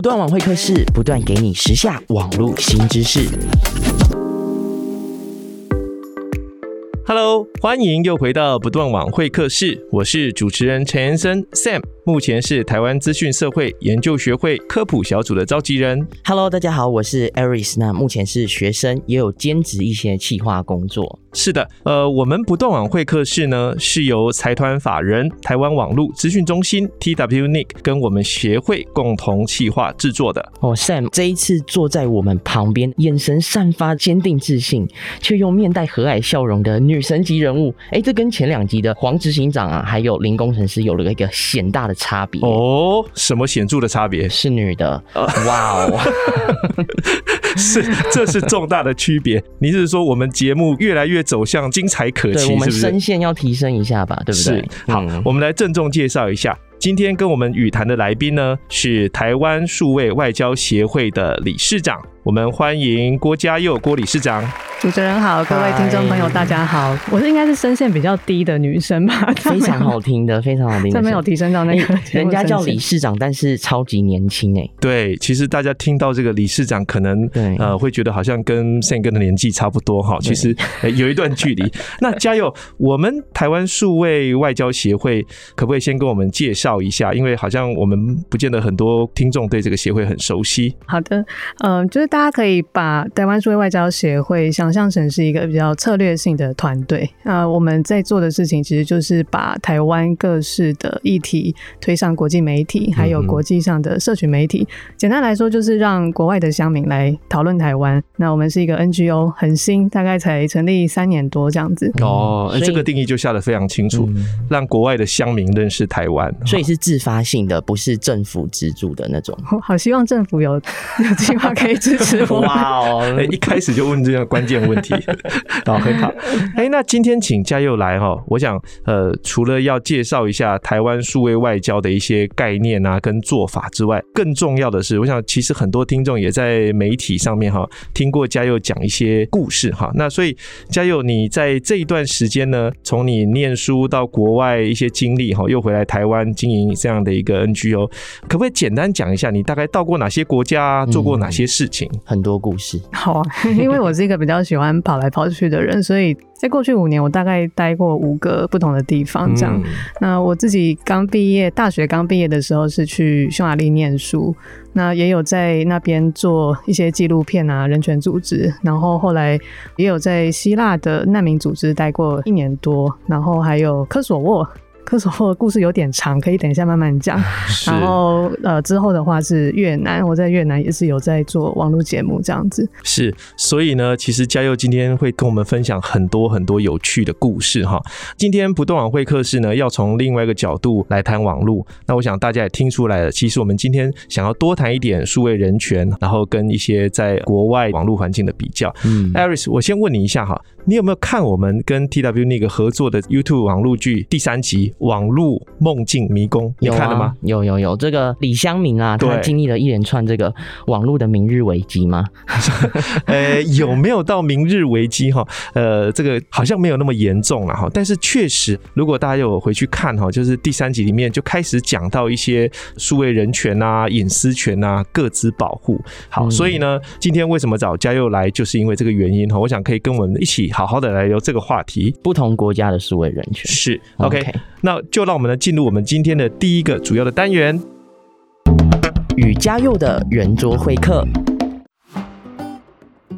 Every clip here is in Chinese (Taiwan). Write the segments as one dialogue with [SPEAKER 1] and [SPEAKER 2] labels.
[SPEAKER 1] 不斷網會客室，不斷給你時下網絡新知識。
[SPEAKER 2] Hello，
[SPEAKER 3] 歡迎又回到不斷網會客室，我是主持人陳延森 Sam。目前是台灣資訊社會研究學會科普小組的召集人。Hello，大家好，我是
[SPEAKER 1] Aris。那目前是學生，也有兼職一些企劃工作。
[SPEAKER 3] 是的，呃，我們不斷網會客室呢，是由財團法人台灣網路資訊中心 （TWNIC） k 跟我們協會共同企劃製作的。
[SPEAKER 1] 哦、oh，Sam，這一次坐在我們旁邊，眼神散發堅定自信，卻又面帶和藹笑容的女神級人物。哎、欸，這跟前兩集的黃執行長啊，還有林工程師有了一個顯大的差別
[SPEAKER 3] 哦。什麼顯著的差別？是女的，哇、呃、哦，wow、 是，這是重大的區別。 你是說我們節目越來越走向精彩可期，我們聲
[SPEAKER 1] 線要提升一下吧？對不對？好、
[SPEAKER 3] 嗯，我們來鄭重介紹一下，今天跟我們與談的來賓呢，是台灣數位外交協會的理事長。我們歡迎郭家佑郭理事長。
[SPEAKER 2] 主持人好，各位聽眾朋友大家好，Hi. 我是應該是聲線比較低的女生吧？非常
[SPEAKER 3] 好聽的，非常好聽的。這沒
[SPEAKER 2] 有提升到那個、欸，人家叫理
[SPEAKER 1] 事長，但是超級年輕哎、欸。
[SPEAKER 3] 對，其實大家聽到這個理事長，可能呃會覺得好像跟憲哥的年紀差不多哈，其實有一段距離。 那家佑，我們台灣數位外交協會可不可以先跟我們介紹一下？因為好像我們不見得很多聽眾對這個協會很熟悉。
[SPEAKER 2] 好的，嗯、呃，就是。大家可以把台灣數位外交協會想象成是一個比較策略性的團隊啊，我們在做的事情其實就是把台灣各式的議題推上國際媒體，還有國際上的社群媒體。嗯嗯，簡單來說，就是讓國外的鄉民來討論台灣。那我們是一個 NGO，很新，大概才成立三年多這樣子。
[SPEAKER 3] 哦、呃、這個定義就下得非常清楚，嗯、讓國外的鄉民認識台灣，所以是自發性的，不是政府資助的那種？
[SPEAKER 2] 我好希望政府有有計劃可以支。 是
[SPEAKER 3] 嗎？哇哦！ 一開始就問這樣關鍵問題， 好，很好。哎、
[SPEAKER 2] 欸，那今天請
[SPEAKER 3] 家佑來哈，我想呃，除了要介紹一下台灣數位外交的一些概念啊，跟做法之外，更重要的是，我想其實很多聽眾也在媒體上面哈聽過家佑講一些故事哈。那所以家佑你在這一段時間呢，從你念書到國外一些經歷哈，又回來台灣經營這樣的一個 NGO，可不可以簡單講一下你大概到過哪些國家，做過哪些事情？嗯很多故事，
[SPEAKER 2] 好啊！因為我是一個比較喜歡跑來跑去的人， 所以在過去五年，我大概待過五個不同的地方。這樣，嗯，那我自己剛畢業，大學剛畢業的時候是去匈牙利念書，那也有在那邊做一些紀錄片啊，人權組織，然後後來也有在希臘的難民組織待過一年多，然後還有科索沃。那時候故事有點長，可以等一下慢慢講。然後呃，之後的話是越南，我在越南也是有在做網路節目這樣子。
[SPEAKER 3] 是，所以呢，其實家佑今天會跟我們分享很多很多有趣的故事哈。今天不斷網會客室呢，要從另外一個角度來談網路。那我想大家也聽出來了，其實我們今天想要多談一點數位人權，然後跟一些在國外網路環境的比較。嗯，艾瑞斯，Aris，我先問你一下哈。你有沒有看我們跟 TW 那個合作的 YouTube 網路劇第三集《網路夢境迷宮》？有啊？你看了嗎？有
[SPEAKER 1] 有有，這個李湘明啊，對他經歷了一連串這個網絡的明日危機嗎？
[SPEAKER 3] 呃、 欸，有沒有到明日危機哈？呃，這個好像沒有那麼嚴重了哈。但是確實，如果大家有回去看哈，就是第三集裡面就開始講到一些數位人權啊、隱私權啊、個資保護。好、嗯，所以呢，今天為什麼找家佑來，就是因為這個原因哈。我想可以跟我們一起好好的來聊這個話題，不同國家的數位人權是 OK，那就讓我們來進入我們今天的第一個主要的單元——與家佑的圓桌會客。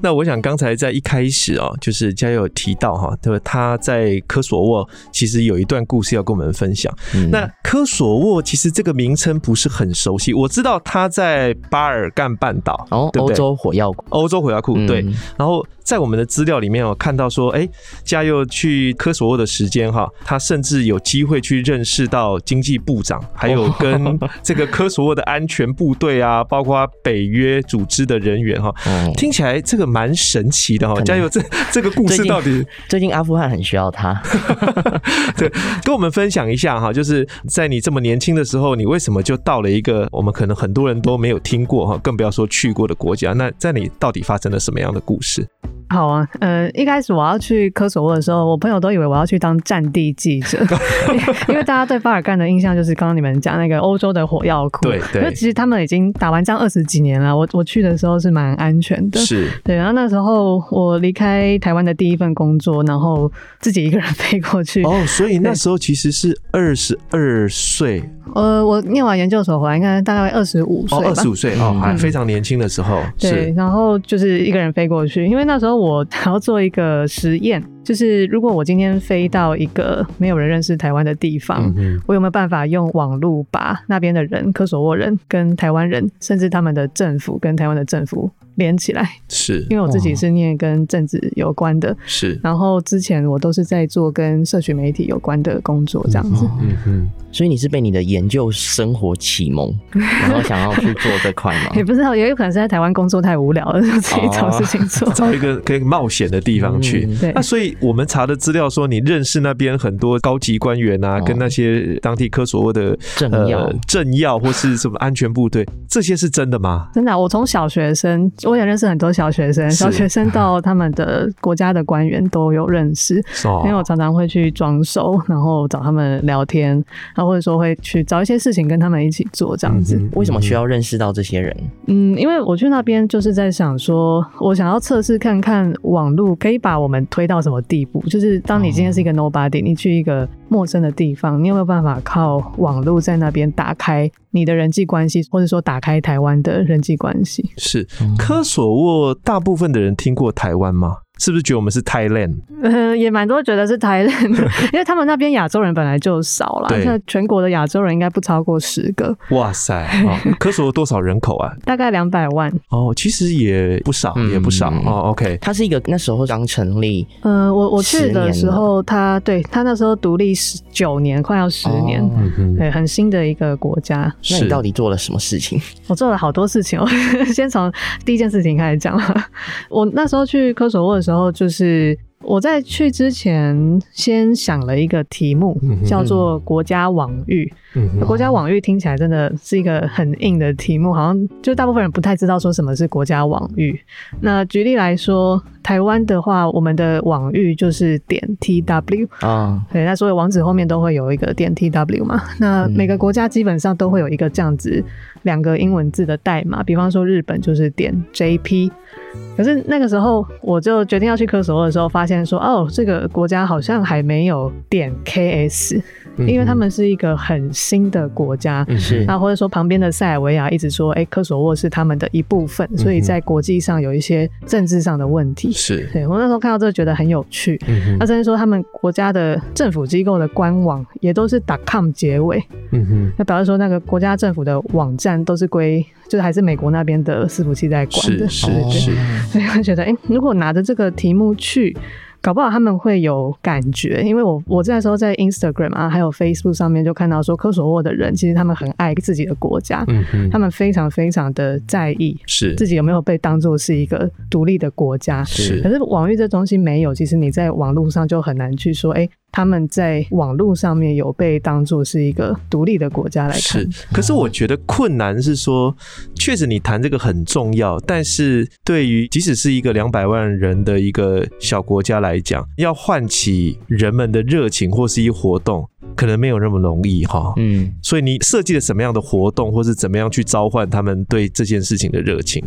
[SPEAKER 3] 那我想剛才在一開始哦、喔，就是家佑有提到哈、喔，他他在科索沃其實有一段故事要跟我們分享。嗯、那科索沃其實這個名稱不是很熟悉，我知道他在巴爾幹半島，然、哦、歐洲火藥庫，歐洲火藥庫對、嗯，然後。在我們的資料裡面有看到說，哎、欸，家佑去科索沃的時間哈，他甚至有機會去認識到經濟部長，還有跟這個科索沃的安全部隊啊，包括北約組織的人員哈、哦。聽起來這個蠻神奇的哈，家佑這這個故事到底最？最近阿富汗很需要他。 對，跟我們分享一下哈，就是在你這麼年輕的時候，你為什麼就到了一個我們可能很多人都沒有聽過哈，更不要說去過的國家？那在你到底發生了什麼樣的故事？
[SPEAKER 2] 好啊，呃，一開始我要去科索沃的時候，我朋友都以為我要去當戰地記者， 因為大家對巴爾幹的印象就是剛剛你們講那個歐洲的火藥庫。對對，因為其實他們已經打完仗二十幾年了。我我去的時候是蠻安全的，是對。然後那時候我離開台灣的第一份工作，然後自己一個人飛過去。哦，
[SPEAKER 3] 所以那時候其實是二十二歲。
[SPEAKER 2] 呃，我念完研究所回來應該大概二十五歲，二十五
[SPEAKER 3] 歲哦，還非常年輕的時候，嗯。對，
[SPEAKER 2] 然後就是一個人飛過去，因為那時候我。我還要做一個實驗，就是如果我今天飛到一個沒有人認識台灣的地方，我有沒有辦法用網路把那邊的人、科索沃人跟台灣人，甚至他們的政府跟台灣的政府連起來
[SPEAKER 3] 是因為我自己是
[SPEAKER 2] 念跟政治有關的，是、哦、然後之前我都是在做跟社群媒體有關的工作，這樣子，嗯哼、
[SPEAKER 1] 哦嗯嗯，所以你是被你的研究生活
[SPEAKER 3] 啟蒙，然後想要去做這塊嗎？也
[SPEAKER 2] 不知道，也有可能是在台灣工作太無聊了，自己找事情做、哦，找一
[SPEAKER 3] 個可以冒險的地方去、嗯。那所以我們查的資料說，你認識那邊很多高級官員啊，哦、跟那些當地科索沃的政要、呃、政要或是什麼安全部隊，這些是真的嗎？
[SPEAKER 2] 真的、啊，我從小學生。我也認識很多小學生，小學生到他們的國家的官員都有認識，因為我常常會去裝熟，然後找他們聊天，然後或者說會去找一些事情跟他們一起做，這樣子。嗯、為什麼需
[SPEAKER 1] 要認識到這些人？
[SPEAKER 2] 嗯，因為我去那邊就是在想說，我想要測試看看網絡可以把我們推到什麼地步。就是當你今天是一個 nobody，、哦、你去一個陌生的地方，你有沒有辦法靠網絡在那邊打開你的人際關係，或者說打開台灣的人際關係？
[SPEAKER 3] 是。嗯科索沃大部分的人聽過台灣嗎？是不是覺得我們是泰人？嗯，
[SPEAKER 2] 也蠻多覺得是泰人，因為他們那邊亞洲人本來就少了。那 全國的亞洲人應該不超過十個。
[SPEAKER 3] 哇塞！哦、科索沃多少人口啊？
[SPEAKER 2] 大概兩百萬。
[SPEAKER 3] 哦，其實也不少，嗯、也不少、嗯、哦。OK，他是一個那時候剛成立。嗯、
[SPEAKER 2] 呃，我我去的時候他，他對他那時候獨立十九年，快要十年，oh, okay. 對，很新的一個國家。那你到底
[SPEAKER 1] 做了什麼事情？
[SPEAKER 2] 我做了好多事情。我先從第一件事情開始講。 我那時候去科索沃的時候，然後就是我在去之前先想了一個題目，嗯、叫做“國家網域”。嗯、國家網域聽起來真的是一個很硬的題目，好像就大部分人不太知道說什麼是國家網域。那舉例來說，台灣的話，我們的網域就是點 tw 啊、嗯，對，那所有網址後面都會有一個點 tw 嘛。那每個國家基本上都會有一個這樣子兩個英文字的代碼，比方說日本就是點 jp。可是那個時候我就決定要去科索沃的時候，發現說哦，這個國家好像還沒有點 ks。因為他們是一個很新的國家，那、嗯、或者說旁邊的塞爾維亞一直說，哎，科索沃是他們的一部分、嗯，所以在國際上有一些政治上的問題。是，對，我那時候看到這個覺得很有趣。那甚至說他們國家的政府機構的官網也都是 dot com 結尾，那、嗯嗯、表示說那個國家政府的網站都是歸就是還是美國那邊的伺服器在管的。是是是、哦，所以我覺得，哎，如果拿着這個題目去。搞不好他們會有感覺，因為我我這時候，在 Instagram 啊，還有 Facebook 上面就看到說，科索沃的人其實他們很愛自己的國家，嗯嗯。他們非常非常的在意，是自己有沒有被當做是一個獨立的國家，是。可是網域這東西沒有，其實你在網絡上就很難去說，哎、欸，他們在網絡上面有被當做是一個獨立的國家來看，是。可是
[SPEAKER 3] 我覺得困難是說，確實你談這個很重要，但是對於即使是一個兩百萬人的一個小國家來看。來講，要喚起人們的熱情或是一活動，可能沒有那麼容易哈。嗯，所以你設計了什麼樣的活動，或是怎麼樣去召喚他們對這件事情的熱情？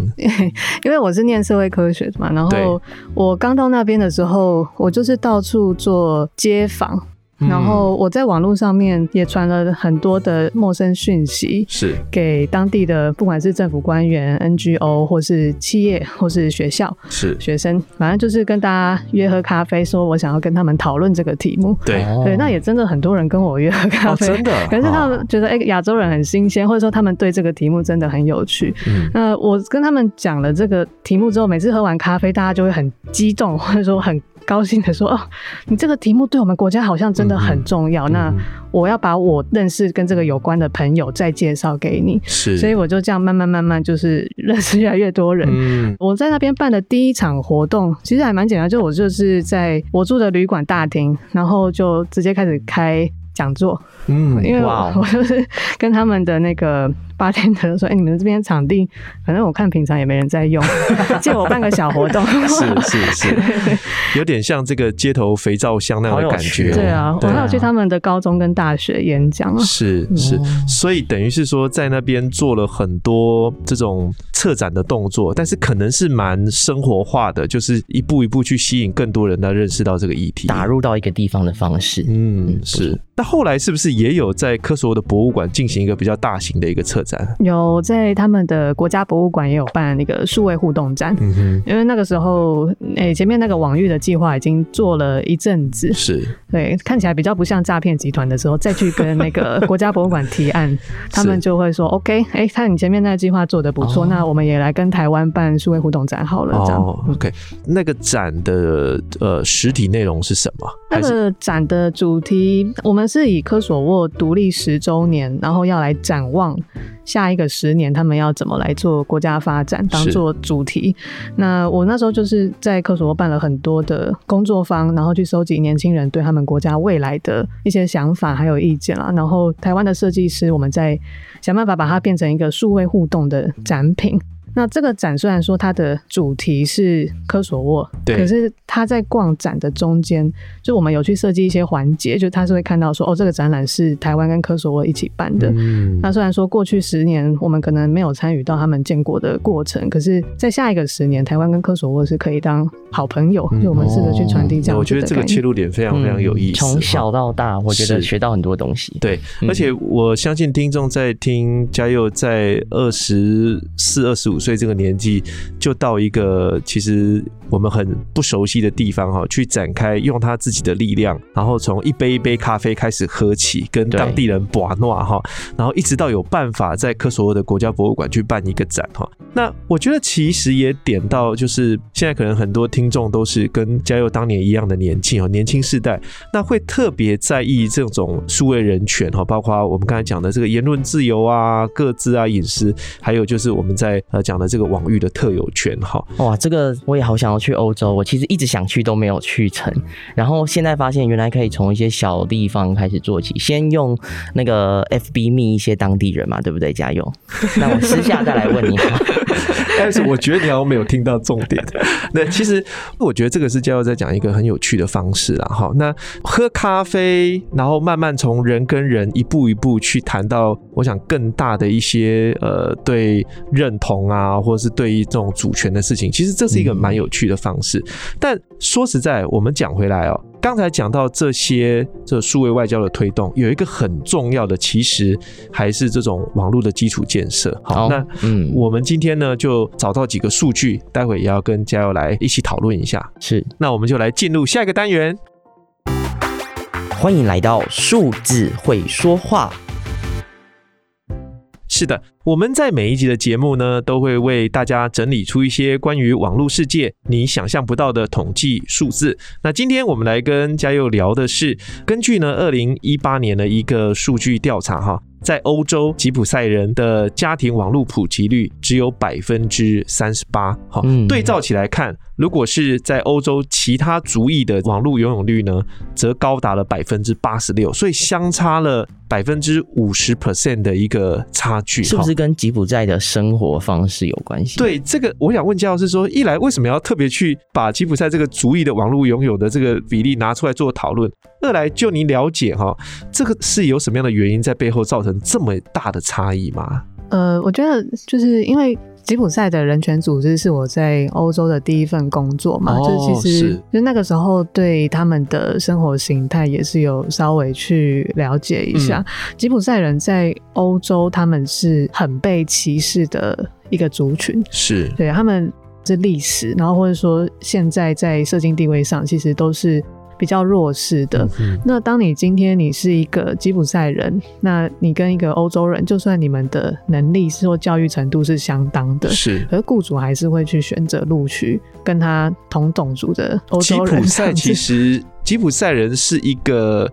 [SPEAKER 2] 因為我是念社會科學的嘛，然後我剛到那邊的時候，我就是到處做街訪。然後我在網絡上面也傳了很多的陌生訊息，是給當地的不管是政府官員、NGO 或是企業、或是學校，是學生，反正就是跟大家約喝咖啡，說我想要跟他們討論這個題目。對，對，那也真的很多人跟我約喝咖啡，哦、真的。可是他們覺得，哎、哦欸，亞洲人很新鮮，或者說他們對這個題目真的很有趣、嗯。那我跟他們講了這個題目之後，每次喝完咖啡，大家就會很激動，或者說很。高興的說：“哦，你這個題目對我們國家好像真的很重要。嗯嗯，那我要把我認識跟這個有關的朋友再介紹給你。是，所以我就這樣慢慢慢慢就是認識越來越多人。嗯，我在那邊辦的第一場活動其實還蠻簡單，就我就是在我住的旅館大廳，然後就直接開始開講座。
[SPEAKER 3] 嗯，因為哇，我就是
[SPEAKER 2] 跟他們的那個。”八天他就說：“哎、欸，你們這邊場地，反正我看平常也沒人在用， 借我辦個小活動。 是”是是是 ，
[SPEAKER 3] 有點像這個街頭肥皂箱那樣的感覺。哦、對，啊對，啊對啊，我還有去他
[SPEAKER 2] 們的高中跟大學演講、啊啊。是
[SPEAKER 3] 是，所以等於是說在那邊做了很多這種策展的動作，但是可能是蠻生活化的，就是一步一步去吸引更多人來認識到這個議題，打入到一個地方的方式。嗯，嗯嗯是。那後來是不是也有在科索沃的博物館進行一個比較大型的一個策
[SPEAKER 2] 展？有在他們的國家博物館也有辦那個數位互動展，嗯，因為那個時候，哎、欸，前面那個網域的計劃已經做了一陣子，是對，看起來比較不像詐騙集團的時候，再去跟那個國家博物館提案， 他們就會說 OK，哎、欸，看你前面那個計劃做得不錯，哦，那我們也來跟台灣辦數位互動展好了，這
[SPEAKER 3] 樣、哦、OK。那個展的呃實體內容是什麼？
[SPEAKER 2] 那個展的主題，我們是以科索沃獨立十週年，然後要來展望。下一個十年，他們要怎麼來做國家發展，當做主題？那我那時候就是在科索沃辦了很多的工作坊，然後去收集年輕人對他們國家未來的一些想法還有意見啊。然後台灣的設計師，我們在想辦法把它變成一個數位互動的展品。嗯那這個展雖然說它的主題是科索沃，對，可是他在逛展的中間，就我們有去設計一些環節，就他是會看到說哦，這個展覽是台灣跟科索沃一起辦的、嗯。那雖然說過去十年我們可能沒有參與到他們建國的過程，可是在下一個十年，台灣跟科索沃是可以當好朋友。嗯、就我們試着去傳遞這樣，嗯、我覺得這個切入
[SPEAKER 3] 點非常非常有意思。從、嗯、小到大，我覺得學到很多東西。對、嗯，而且我相信聽眾在聽家佑在二十四、二十五歲。所以這個年紀，就到一個其實我們很不熟悉的地方哈、喔，去展開用他自己的力量，然後從一杯一杯咖啡開始喝起，跟當地人玩諾哈，然後一直到有辦法在科索沃的國家博物館去辦一個展哈。那我覺得其實也點到，就是現在可能很多聽眾都是跟家佑當年一樣的年紀哦，年輕世代，那會特別在意這種數位人權哈，包括我們剛才講的這個言論自由啊、個資啊隱私，還有就是我們在呃講。這個網域的特有權哈哇，這個
[SPEAKER 1] 我也好想要去歐洲，我其實一直想去都沒有去成，然後現在發現原來可以從一些小地方開始做起，先用那個 FB meet 一些當地人嘛，對不對？家佑！那我私下再來問你。
[SPEAKER 3] 但是我覺得你好像沒有聽到重點。那其實我覺得這個是教 o 在講一個很有趣的方式啦。齁，那喝咖啡，然後慢慢從人跟人一步一步去談到，我想更大的一些呃對認同啊，或者是對於這種主權的事情，其實這是一個蠻有趣的方式。但說實在，我們講回來哦、喔。剛才講到這些，這數位外交的推動有一個很重要的，其實還是這種網絡的基礎建設。好，好那嗯，我們今天呢就找到幾個數據，待會也要跟家佑來一起討論一下。是，那我們就來進入下一個單元。歡迎來到數字會說話。是的，我們在每一集的節目呢，都會為大家整理出一些關於網絡世界你想象不到的統計數字。那今天我們來跟家佑聊的是，根據呢二零一八年的一個數據調查，哈。在歐洲，吉普賽人的家庭網絡普及率只有百分之三十八。好，對照起來看，如果是在歐洲其他族裔的網絡擁有率呢，則高達了百分之八十六。所以相差了百分之五十 percent 的一個差距，是不是跟吉普賽的生活方式有關係？對這個，我想問教授，說一來為什麼要特別去把吉普賽這個族裔的網絡擁有的這個比例拿出來做討論？再來就你了解哈，這個是有什麼樣的原因在背後造成這麼大的差異嗎？
[SPEAKER 2] 呃，我覺得就是因為吉普賽的人權組織是我在歐洲的第一份工作嘛，哦、就是、其實是就那個時候對他們的生活形態也是有稍微去了解一下，嗯、吉普賽人在歐洲他們是很被歧視的一個族群，是對他們的歷史，然後或者說現在在社經地位上其實都是。比較弱勢的、嗯。那當你今天你是一個吉普賽人，那你跟一個歐洲人，就算你們的能力或教育程度是相當的，是，而雇主還是會去選擇錄取跟他同種族的歐洲人。吉普賽其
[SPEAKER 3] 實，吉普賽人是一個。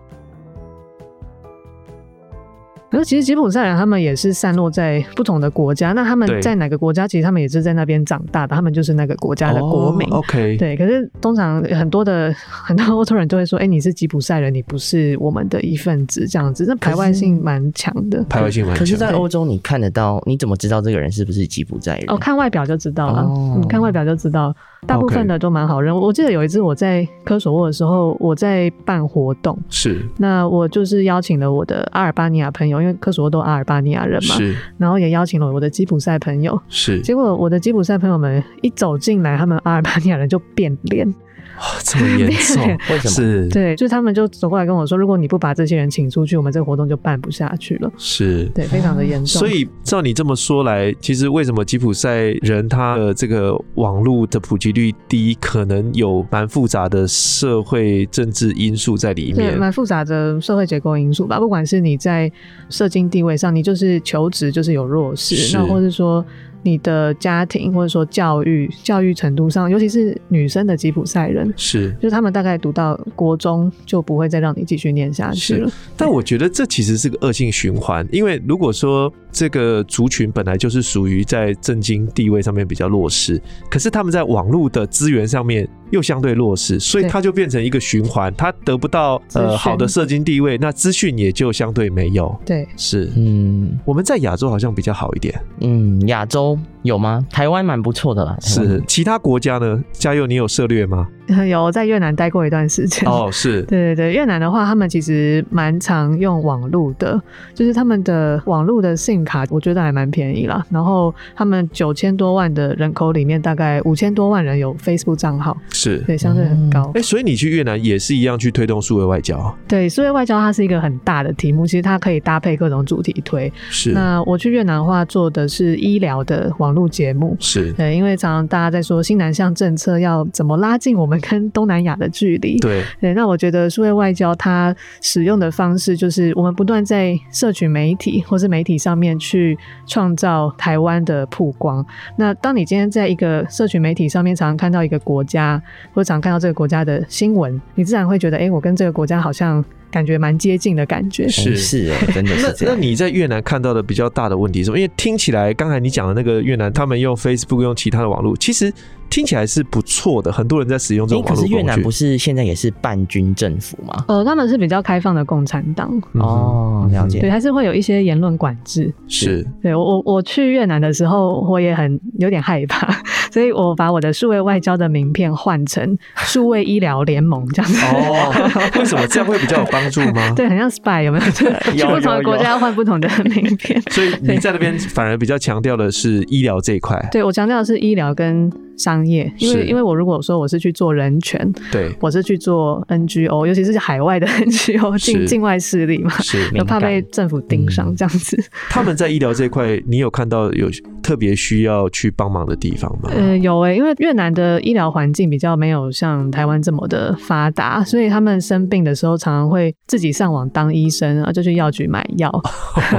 [SPEAKER 2] 其實吉普賽人他們也是散落在不同的國家，那他們在哪個國家，其實他們也是在那邊長大的，他們就是那個國家的國民。Oh, OK，對。可是通常很多的很多歐洲人都會說：“欸，你是吉普賽人，你不是我們的一份子，這樣子。”那排外性蠻強的，排外性蠻強。可是，在歐
[SPEAKER 1] 洲你看得到，你怎麼知道這個人是不是吉普賽人？哦,
[SPEAKER 2] 嗯，看外表就知道了，看外表就知道。大部分的都蠻好認，okay. 我記得有一次我在科索沃的時候，我在辦活動，是，那我就是邀請了我的阿爾巴尼亞朋友，因為科索沃都阿爾巴尼亞人嘛，是，然後也邀請了我的吉普賽朋友，是，結果我的吉普賽朋友們一走進來，他們阿爾巴尼亞人就變臉。
[SPEAKER 3] 哦，這麼嚴重？為什麼？對，
[SPEAKER 2] 就他們就走過來跟我說，如果你不把這些人請出去，我們這個活動就辦不下去了。
[SPEAKER 3] 是，對，非常的嚴重。哦。所以照你這麼說來，其實為什麼吉普賽人他的這個網絡的普及率低，可能有蠻複雜的社會政治因素在裡面，有蠻
[SPEAKER 2] 複雜的社會結構因素吧。不管是你在社經地位上，你就是求職就是有弱勢，是，那或是說。你的家庭或者說教育教育程度上，尤其是女生的吉普賽人，是，就是他們大概讀到國中就不會再讓你繼續念下去了。
[SPEAKER 3] 但我覺得這其實是個惡性循環，因為如果說這個族群本來就是屬於在政經地位上面比較弱勢，可是他們在網絡的資源上面。又相對弱勢，所以它就變成一個循環，它得不到呃好的社經地位，那資訊也就相對沒有。對，是嗯，我們在亞洲好像比較好一點。嗯，亞洲有嗎？台灣蠻不錯的啦。是、嗯，其他國家呢？家佑，你有涉獵嗎？
[SPEAKER 2] 有，在越南待過一段時間。哦，是對對，對越南的話，他們其實蠻常用網絡的，就是他們的網絡的 SIM 卡，我覺得還蠻便宜啦。然後他們九千多萬的人口裡面，大概五千多萬人有 Facebook 賬號。是
[SPEAKER 3] 是，對，相對很高。哎、嗯，欸，所以你去越南也是一樣去推動數位外交？
[SPEAKER 2] 對，數位外交它是一個很大的題目，其實它可以搭配各種主題推。是，那我去越南的話，做的是醫療的網絡節目。是，對，因為常常大家在說新南向政策要怎麼拉近我們跟東南亞的距離。對，對，那我覺得數位外交它使用的方式就是我們不斷在社群媒體或是媒體上面去創造台灣的曝光。那當你今天在一個社群媒體上面常常看到一個國家。我常看到這個國家的新聞，你自然會覺得，哎、欸，我跟這個國家好像感覺蠻接近的感覺，是是，真
[SPEAKER 3] 的是這樣 那，那你在越南看到的比較大的問題是什麼？因為聽起來剛才你講的那個越南，他們用 Facebook 用其他的網絡，其實。聽起來是不錯的，很多人在使用這種，可是越南不是現在也是半軍政府嗎？
[SPEAKER 2] 呃，他們是比較開放的共產黨哦，
[SPEAKER 1] 這樣子對，還是
[SPEAKER 2] 會有一些言論管制。是。對，我我我去越南的時候，我也很有點害怕，所以我把我的數位外交的名片換成數位醫療聯盟這樣子。 哦，為
[SPEAKER 3] 什麼這樣會比較有幫助嗎？ 對，
[SPEAKER 2] 很像 spy 有沒有？去不同的國家要換不同的名片， 所以你
[SPEAKER 3] 在那邊反而比較強調的是醫療這一塊。
[SPEAKER 2] 對，我強調的是醫療跟。商業，因為因為我如果說我是去做人權，對，我是去做 NGO，尤其是海外的 NGO，境境外勢力嘛，是，有怕被政府盯上這樣子、嗯。
[SPEAKER 3] 他們在醫療這一塊， 你有看到有特別需要去幫忙的地方嗎？
[SPEAKER 2] 嗯、呃，有哎、欸，因為越南的醫療環境比較沒有像台灣這麼的發達，所以他們生病的時候常常會自己上網當醫生，然後就去藥局買藥。Oh,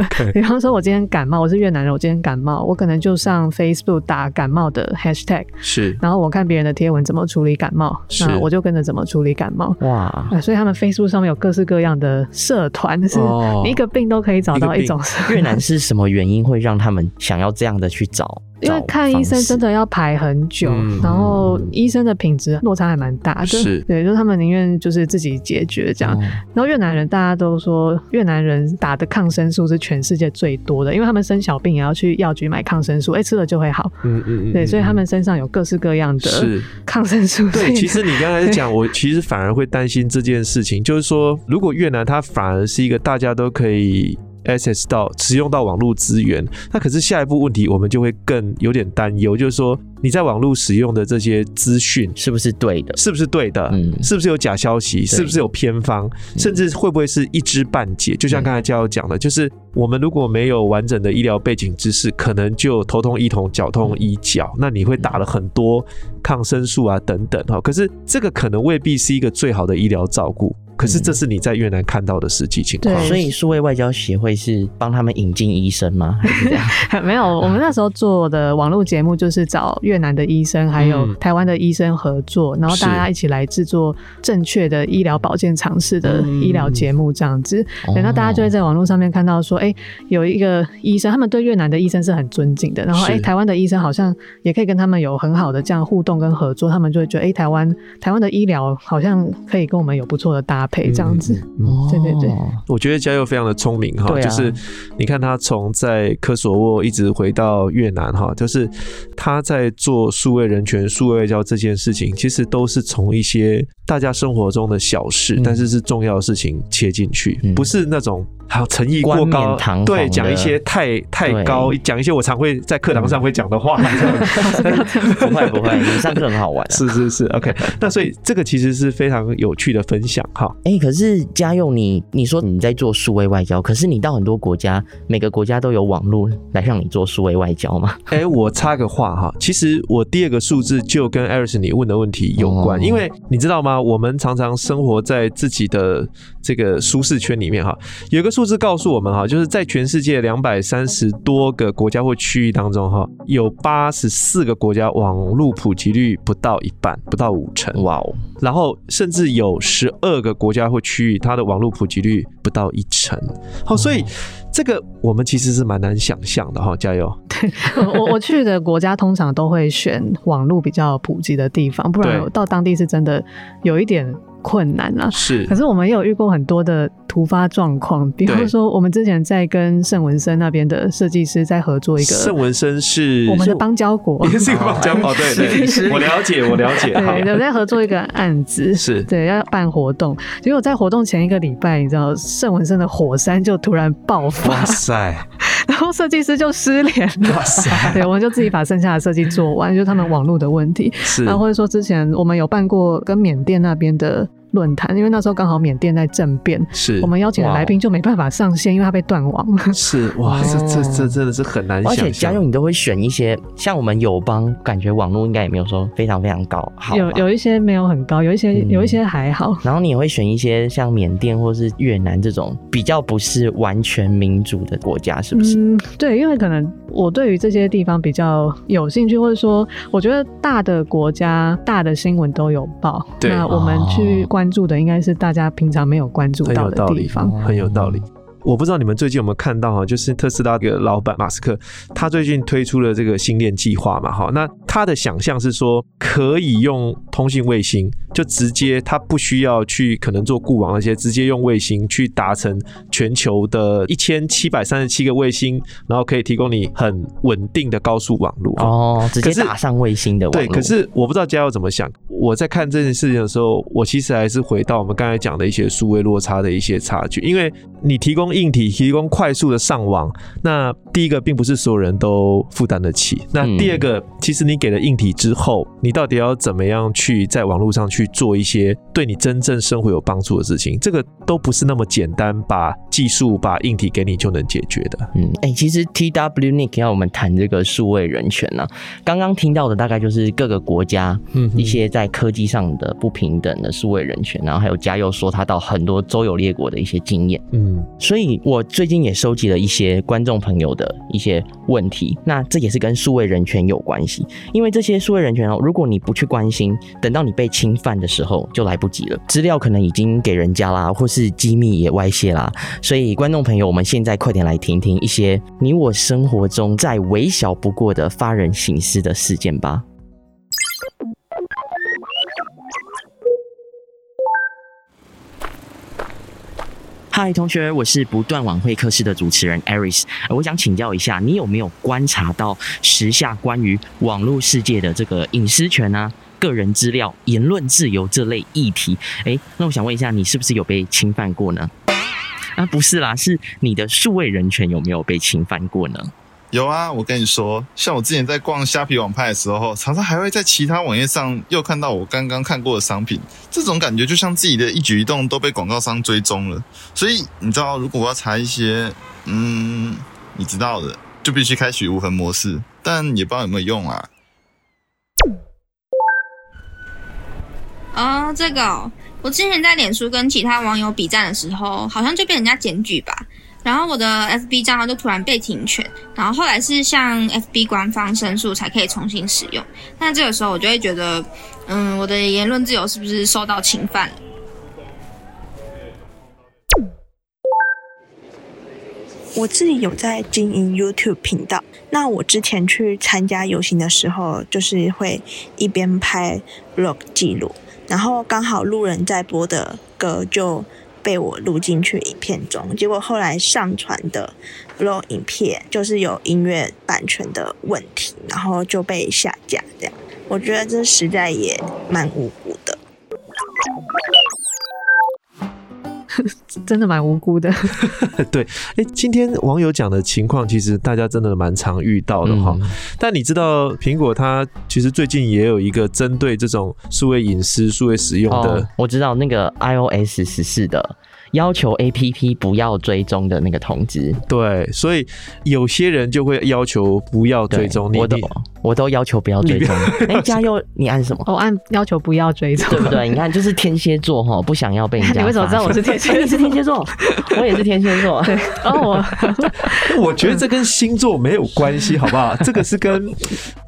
[SPEAKER 3] okay. 比
[SPEAKER 2] 方說，我今天感冒，我是越南人，我今天感冒，我可能就上 Facebook 打感冒的 Hashtag。是，然後我看別人的貼文怎麼處理感冒是，那我就跟着怎麼處理感冒。哇、啊，所以他們 Facebook 上面有各式各樣的社團，哦、是你一個病都可以找到一種。一 越南
[SPEAKER 1] 是什麼原因會讓他們想要這樣的去找？
[SPEAKER 2] 因為看醫生真的要排很久，嗯，然後醫生的品質落差還蠻大，是就對，就是他們寧願就是自己解決這樣。嗯，然後越南人大家都說越南人打的抗生素是全世界最多的，因為他們生小病也要去藥局買抗生素，哎，吃了就會好。嗯嗯嗯，對，所以他們身上有各式各樣的抗生素是。對， 其實你剛才講，
[SPEAKER 3] 我其實反而會擔心這件事情，就是說如果越南它反而是一個大家都可以。access 到使用到網絡資源，那可是下一步問題，我們就會更有點擔憂，就是說你在網絡使用的這些資訊是不是對的？是不是對的？嗯，是不是有假消息？是不是有偏方？嗯？甚至會不會是一知半解？就像剛才教授講的，就是我們如果沒有完整的醫療背景知識，可能就頭痛醫頭，腳痛醫腳，嗯，那你會打了很多抗生素啊等等哈，可是這個可能未必是一個最好的醫療照顧。可是這是你在越南看到的實際情
[SPEAKER 1] 況，所以
[SPEAKER 2] 數
[SPEAKER 3] 位外交協會是幫他們引進醫生嗎？
[SPEAKER 2] 沒有、啊，我們那時候做的網絡節目就是找越南的醫生，嗯、還有台灣的醫生合作，然後大家一起來制作正確的醫療保健常識的醫療節目，這樣子，等、嗯、到大家就會在網絡上面看到說，哎、哦欸，有一個醫生，他們對越南的醫生是很尊敬的，然後哎、欸，台灣的醫生好像也可以跟他們有很好的這樣互動跟合作，他們就會覺得，哎、欸，台灣台灣的醫療好像可以跟我們有不錯的搭。搭這樣子、嗯哦，對對
[SPEAKER 3] 對，我覺得家佑非常的聰明哈、啊，就是你看他從在科索沃一直回到越南哈，就是他在做數位人權、數位外交這件事情，其實都是從一些大家生活中的小事，嗯、但是是重要的事情切進去，不是那種。還有誠意過高，對，講一些太太高，講一些我常會在課堂上會講的話， 不會不會，你 上課很好玩、啊。是是是，OK。那所以這個其實是非常有趣的分享哈。哎、 欸，可是家佑你
[SPEAKER 1] 你說你在做數位外交，可是你到很多國家，每個國家都有網絡來讓你
[SPEAKER 3] 做數位外交嗎？哎、 欸，我插個話哈，其實我第二個數字就跟 Aris 你問的問題有關哦哦哦，因為你知道嗎？我們常常生活在自己的這個舒適圈裡面哈，有個。數字告訴我們哈，就是在全世界兩百三十多個國家或區域當中哈，有八十四個國家網絡普及率不到一半，不到五成，哇哦！然後甚至有十二個國家或區域，它的網絡普及率不到一成。好，所以這個我們其實是蠻難想象的哈。加油！
[SPEAKER 2] 對，我我去的國家通常都會選網絡比較普及的地方，不然到當地是真的有一點。困難啊，是。可是我們也有遇過很多的突發狀況，比如說我們之前在跟聖文森那邊的設計師在合作一個。聖
[SPEAKER 3] 文森是我們的
[SPEAKER 2] 邦交國。是我也是一個
[SPEAKER 3] 邦交國，是是對，對對，是是我了解，我了解。對，對，對，我們在
[SPEAKER 2] 合作一個案子， 是，對，要辦活動。結果在活動前一個禮拜，你知道，聖文森的火山就突然爆發。哇塞！然後設計師就失聯了， 對，我們就自己把剩下的設計做完，就是他們網絡的問題，是，然後，啊，或者說之前我們有辦過跟緬甸那邊的。論壇，因為那時候剛好緬甸在政變，
[SPEAKER 3] 是，我們邀請的來賓
[SPEAKER 2] 就沒辦法上線，哦、因為他被斷網了。是，哇，嗯、這這這
[SPEAKER 3] 真的是很難
[SPEAKER 2] 想。而且家用
[SPEAKER 1] 你都會選一些，像我們友邦，感覺網絡應該也沒有說非常非常高。好，
[SPEAKER 2] 有有一些沒有很高，有一些、嗯、有一些還好。
[SPEAKER 1] 然後你也會選一些像緬甸或是越南這種比較不是完全民主的國家，是不是？
[SPEAKER 2] 嗯，對，因為可能我對於這些地方比較有興趣，或者說我覺得大的國家大的新聞都有報。對，那我們去關。關注的應該是大家平常沒有關注到的地方，很
[SPEAKER 3] 有道理。我不知道你們最近有沒有看到哈，就是特斯拉的老闆馬斯克，他最近推出了這個星鏈計劃嘛，哈，那他的想象是說可以用通信衛星，就直接他不需要去可能做固網那些，直接用衛星去達成全球的一千七百三十七個衛星，然後可以提供你很穩定的高速網絡。哦，直接打上
[SPEAKER 1] 衛星的。對，可是
[SPEAKER 3] 我不知道家佑怎麼想，我在看這件事情的時候，我其實還是回到我們剛才講的一些數位落差的一些差距，因為你提供。硬體提供快速的上網，那第一個並不是所有人都負擔得起。那第二個、嗯，其實你給了硬體之後，你到底要怎麼樣去在網絡上去做一些對你真正生活有幫助的事情，這個都不是那麼簡單，把技術把硬體給你就能解決的。嗯，哎、欸，其實 TWNIC
[SPEAKER 1] 要我們談這個數位人權呢、啊，剛剛聽到的大概就是各個國家，嗯，一些在科技上的不平等的數位人權、嗯，然後還有家佑說他到很多周遊列國的一些經驗，嗯，所以。我最近也收集了一些觀眾朋友的一些問題，那這也是跟數位人權有關係，因為這些數位人權哦，如果你不去關心，等到你被侵犯的時候就來不及了，資料可能已經給人家啦，或是機密也外泄啦。所以，觀眾朋友，我們現在快點來聽一聽一些你我生活中再微小不過的發人省思的事件吧。嗨，同學，我是不斷網會客室的主持人 Aris。我想請教一下，你有沒有觀察到時下關於網絡世界的這個隱私權啊、個人資料、言論自由這類議題？誒、欸，那我想問一下，你是不是有被侵犯過呢？啊，不是啦，是你的數位人權有沒有被侵犯過呢？
[SPEAKER 2] 有啊，
[SPEAKER 3] 我跟你說，像我之前在逛蝦皮網拍的時候，常常還會在其他網頁上又看到我剛剛看過的商品，這種感覺就像自己的一舉一動都被廣告商追蹤了。所以你知道，如果我要查一些，嗯，你知道的，就必須開啟無痕模式，但也不知道有沒有用啊。
[SPEAKER 2] 哦、呃，這個，哦，我之前在臉書跟其他網友比讚的時候，好像就被人家檢舉吧。然後我的 FB 賬號就突然被停權，然後後來是向 FB 官方申訴，才可以重新使用。那這個時候我就會覺得，嗯，我的言論自由是不是受到侵犯了？
[SPEAKER 1] 我自己有在經營 YouTube 頻道，那我之前去參加遊行的時候，就是會一邊拍 Vlog 紀錄，然後剛好路人在播的歌就。被我錄進去影片中，結果後來上傳的 vlog 影片就是有音樂版權的問題，然後就被下架，這樣，我覺得這實在也蠻無辜。
[SPEAKER 2] 真的蠻無辜的 ，
[SPEAKER 3] 對，哎、欸，今天網友講的情況，其實大家真的蠻常遇到的哈、嗯。但你知道，蘋果它其實最近也有一個針對這種數位隱私、數位使用的、哦，我知道那個 iOS 14的。要求
[SPEAKER 1] A P P 不要追蹤的那個通知，對，所以有些人就會要求不要追蹤。我的，我都要求不要追蹤。哎、欸，家 佑，你按什麼？我按要求不要追蹤，對不對，對？你看，就是天蠍座哈，不想要被人家。 你為什麼知道我是天蠍、哦？你是
[SPEAKER 2] 天蠍座， 我也是天蠍座。對 哦、 oh, 我，我
[SPEAKER 3] 我覺得這跟星座沒有關係，好不好？ 這個是跟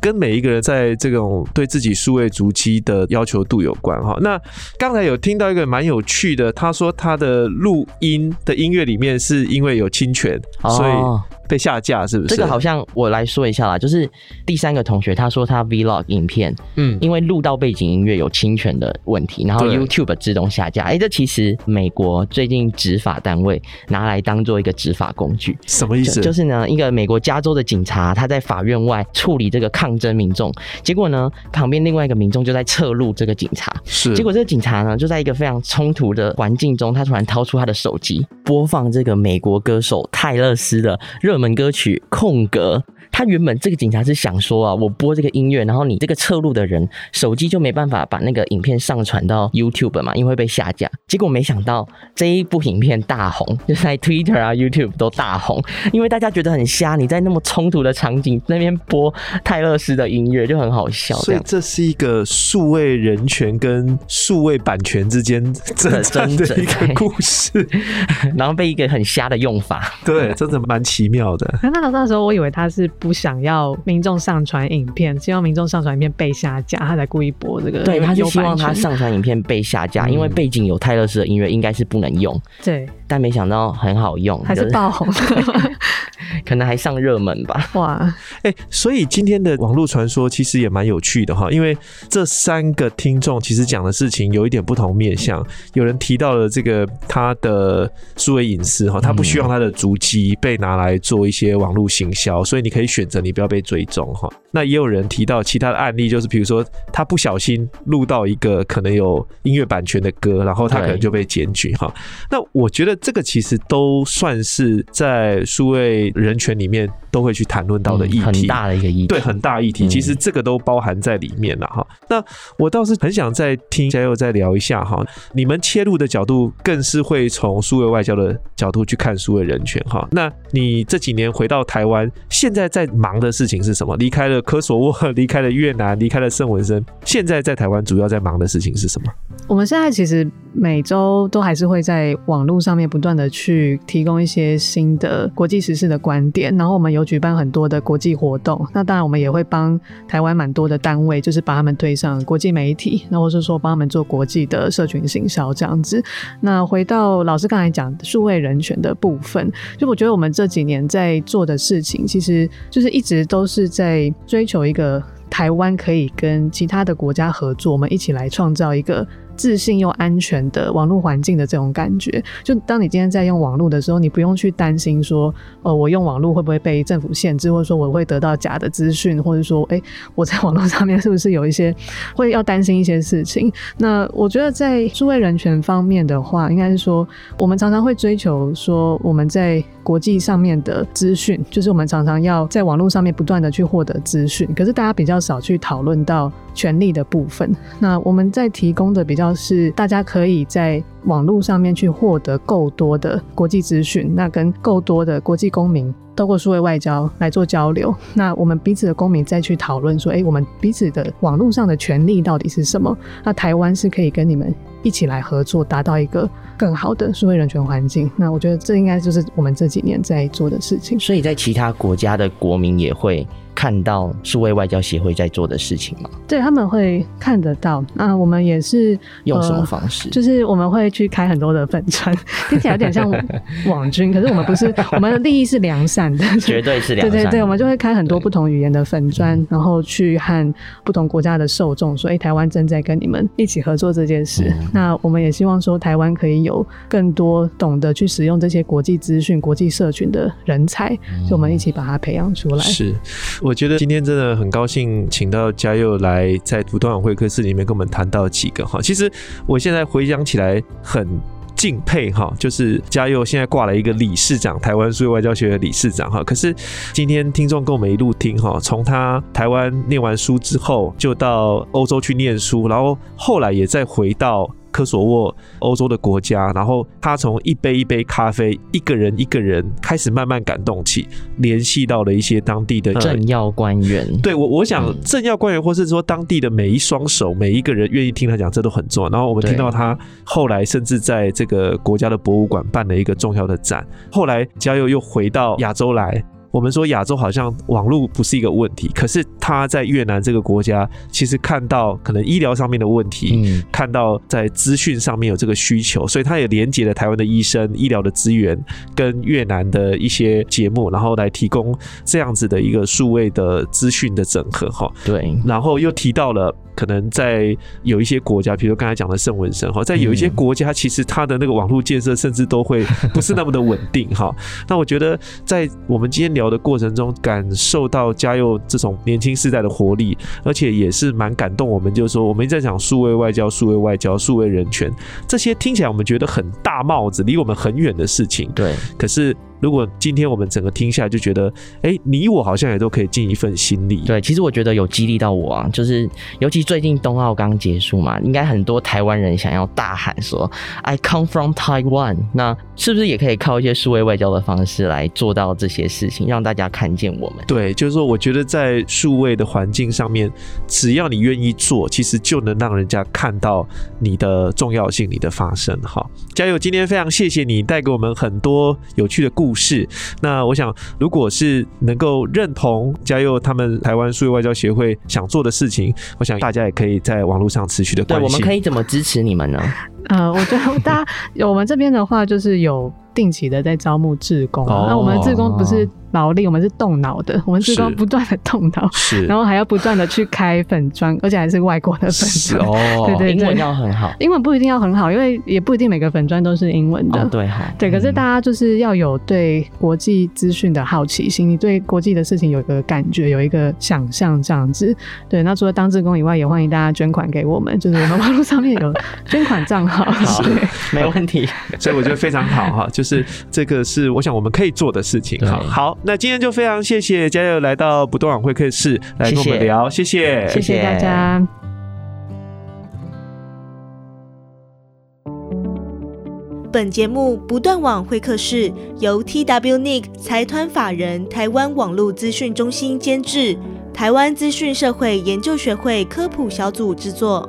[SPEAKER 3] 跟每一個人在這種對自己數位足跡的要求度有關哈。那剛才有聽到一個蠻有趣的，他說他的。錄音的音樂裡面是因為有侵權，哦、所以。被下架是不是？這個好像我
[SPEAKER 1] 來說一下啦，就是第三個同學他說他 Vlog 影片，嗯，因為錄到背景音樂有侵權的問題，然後 YouTube 自動下架。哎、欸，這其實美國最近執法單位拿來當做一個執法工具，什麼意思？就，就是呢，一個美國加州的警察他在法院外處理這個抗爭民眾，結果呢，旁邊另外一個民眾就在側錄這個警察，是。結果這個警察呢，就在一個非常衝突的環境中，他突然掏出他的手機播放這個美國歌手泰勒斯的熱。熱門歌曲，空格。他原本這個警察是想說啊，我播這個音樂，然後你這個側錄的人手機就沒辦法把那個影片上傳到 YouTube 嘛，因為會被下架。結果沒想到這一部影片大紅，就是在 Twitter 啊 YouTube 都大紅，因為大家覺得很瞎。你在那麼衝突的場景那邊播泰勒斯的音樂就很好笑。所以
[SPEAKER 3] 這是一個數位人權跟數位版權之間真的一個故事， 然後被一個很瞎的用法，對，真的蠻奇妙的。
[SPEAKER 2] 那那時候我以為他是。不想要民眾上傳影片，希望民眾上傳影片被下架，他才故意播這個。對，他就希望他上傳
[SPEAKER 1] 影片被下架，嗯，因為背景有泰勒斯的音樂，應該是不能用。對，但
[SPEAKER 3] 沒想到很好用，還是爆紅的。 可能還上熱門吧？哇，哎、欸，所以今天的網絡傳說其實也蠻有趣的哈，因為這三個聽眾其實講的事情有一點不同面向。有人提到了這個他的數位隱私哈，他不需要他的足跡被拿來做一些網絡行銷，所以你可以選擇你不要被追蹤哈。那也有人提到其他的案例，就是比如說他不小心錄到一個可能有音樂版權的歌，然後他可能就被檢舉哈。那我覺得這個其實都算是在數位人。人權裡面都會去談論到的議題、嗯，很大的一個議題，對，很大議題、嗯。其實這個都包含在裡面了哈。那我倒是很想再聽家佑再聊一下哈。你們切入的角度更是會從數位外交的角度去看數位人權哈。那你這幾年回到台灣，現在在忙的事情是什麼？離開了科索沃，離開了越南，離開了聖文森，現在在台灣主要在忙的事情是什麼？
[SPEAKER 2] 我們現在其實。每周都還是會在網絡上面不斷的去提供一些新的國際時事的觀點，然後我們有舉辦很多的國際活動。那當然，我們也會幫台灣蠻多的單位，就是把他們推上國際媒體，那或是說幫他們做國際的社群行銷這樣子。那回到老師剛才講數位人權的部分，就我覺得我們這幾年在做的事情，其實就是一直都是在追求一個台灣可以跟其他的國家合作，我們一起來創造一個。自信又安全的網絡環境的這種感覺，就當你今天在用網絡的時候，你不用去擔心說，呃，我用網絡會不會被政府限制，或者說我會得到假的資訊，或者說，誒、欸，我在網絡上面是不是有一些會要擔心一些事情？那我覺得在數位人權方面的話，應該是說，我們常常會追求說，我們在。國際上面的資訊，就是我們常常要在網絡上面不斷的去獲得資訊，可是大家比較少去討論到權利的部分。那我們在提供的比較是，大家可以在網絡上面去獲得夠多的國際資訊，那跟夠多的國際公民，透過數位外交來做交流，那我們彼此的公民再去討論說，哎、欸，我們彼此的網絡上的權利到底是什麼？那台灣是可以跟你們一起來合作，達到一個更好的數位人權環境。那我覺得這應該就是我們這幾年在做的事情。所以在
[SPEAKER 1] 其他國家的國民也會。看到數位外交協會在做的事情嗎？
[SPEAKER 2] 對，他們會看得到。那、啊、我們也是。用什麼方式？呃，就是我們會去開很多的粉專，聽起來有點像網軍， 可是我們不是，我們的利益是良善的， 絕對是良善。對對對，我們就會開很多不同語言的粉專，然後去和不同國家的受眾，所以台灣正在跟你們一起合作這件事。嗯。那我們也希望說，台灣可以有更多懂得去使用這些國際資訊、國際社群的人才，就我們一起把它培養出來。嗯、是。
[SPEAKER 3] 我覺得今天真的很高興，請到家佑來在圓桌會客室裡面跟我們談到幾個哈。其實我現在回想起來很敬佩哈，就是家佑現在掛了一個理事長，台灣數位外交協會理事長哈。可是今天聽眾跟我們一路聽哈，從他台灣念完書之後，就到歐洲去念書，然後後來也再回到。科索沃，歐洲的國家，然後他從一杯一杯咖啡，一個人一個人開始慢慢感動起，聯繫到了一些當地的政要官員。呃、對我，我想政要官員，嗯、或是說當地的每一雙手，每一個人願意聽他講，這都很重要。然後我們聽到他後來甚至在這個國家的博物館辦了一個重要的展。後來，家佑又回到亞洲來。我們說亞洲好像網絡不是一個問題，可是他在越南這個國家，其實看到可能醫療上面的問題，嗯，看到在資訊上面有這個需求，所以他也連接了台灣的醫生、醫療的資源，跟越南的一些節目，然後來提供這樣子的一個數位的資訊的整合哈。對，然後又提到了。可能在有一些國家，比如剛才講的聖文森，哈，在有一些國家，其實它的那個網絡建設甚至都會不是那麼的穩定哈。 那我覺得，在我們今天聊的過程中，感受到家佑這種年輕世代的活力，而且也是蠻感動。我們就是說，我們一直在講數位外交、數位外交、數位人權這些，聽起來我們覺得很大帽子，離我們很遠的事情。對，可是。如果今天我們整個聽下來，就覺得，哎、欸，你我好像也都可以盡一份心力。對，其實我覺得有激勵到我啊，就是尤其最近冬奧剛結束嘛，
[SPEAKER 1] 應該很多台灣人想要大喊說 “I come from Taiwan”，那是不是也可以靠一些數位外交的方式來做到這些事情，讓大家看見我們？
[SPEAKER 3] 對，就是說，我覺得在數位的環境上面，只要你願意做，其實就能讓人家看到你的重要性、你的發聲。好，加油！今天非常謝謝你帶給我們很多有趣的故事。是，那我想，如果是能夠認同家佑他們台灣數位外交協會想做的事情，我想大家也可以在網絡上持續的關注。我們可以怎麼支持你們呢？
[SPEAKER 2] 呃，我覺得大家有我們這邊的話，就是有定期的在招募志工、啊。 那我們志工不是勞力，我們是動腦的。我們志工不斷的動腦，是，然後還要不斷的去開粉專，而且還是外國的粉專，是哦對對對，英文要很好。英文不一定要很好，因為也不一定每個粉專都是英文的。哦、對、嗯，對，可是大家就是要有對國際資訊的好奇心，你對國際的事情有一個感覺，有一個想象這樣子。對，那除了當志工以外，也歡迎大家捐款給我們，就是我們網絡上面有捐款賬號。 好，
[SPEAKER 3] 好，沒問題。 所以我覺得非常好哈，就是這個是我想我們可以做的事情。好，好，那今天就非常謝謝家佑來到不斷網會客室來跟我們聊，謝謝，謝謝，謝,謝大家。
[SPEAKER 2] 本節目《不斷網會客室》由 TWNIC 財團法人台灣網絡資訊中心監
[SPEAKER 1] 制，台灣資訊社會研究學會科普小組制作。